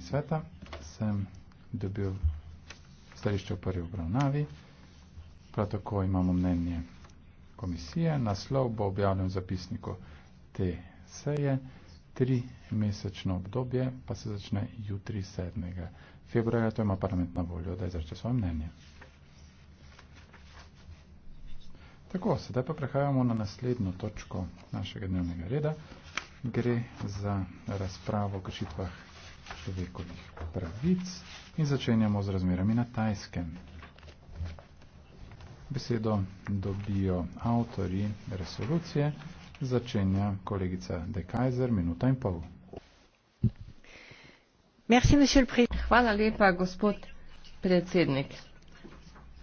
strani sveta, sem dobil stališče v prvi obravnavi, prav tako imamo mnenje komisije, naslov bo objavljen v zapisniku te seje, tri mesečno obdobje pa se začne jutri 7. februarja, to ima parlament na voljo, da izrače svoje mnenje. Tako, sedaj pa prehajamo na naslednjo točko našega dnevnega reda. Gre za razpravo o kršitvah človekovih pravic in začenjamo z razmerami na tajskem. Besedo dobijo avtori resolucije, začenja kolegica De Kaiser, minuta in pol. Merci, Hvala lepa, gospod predsednik.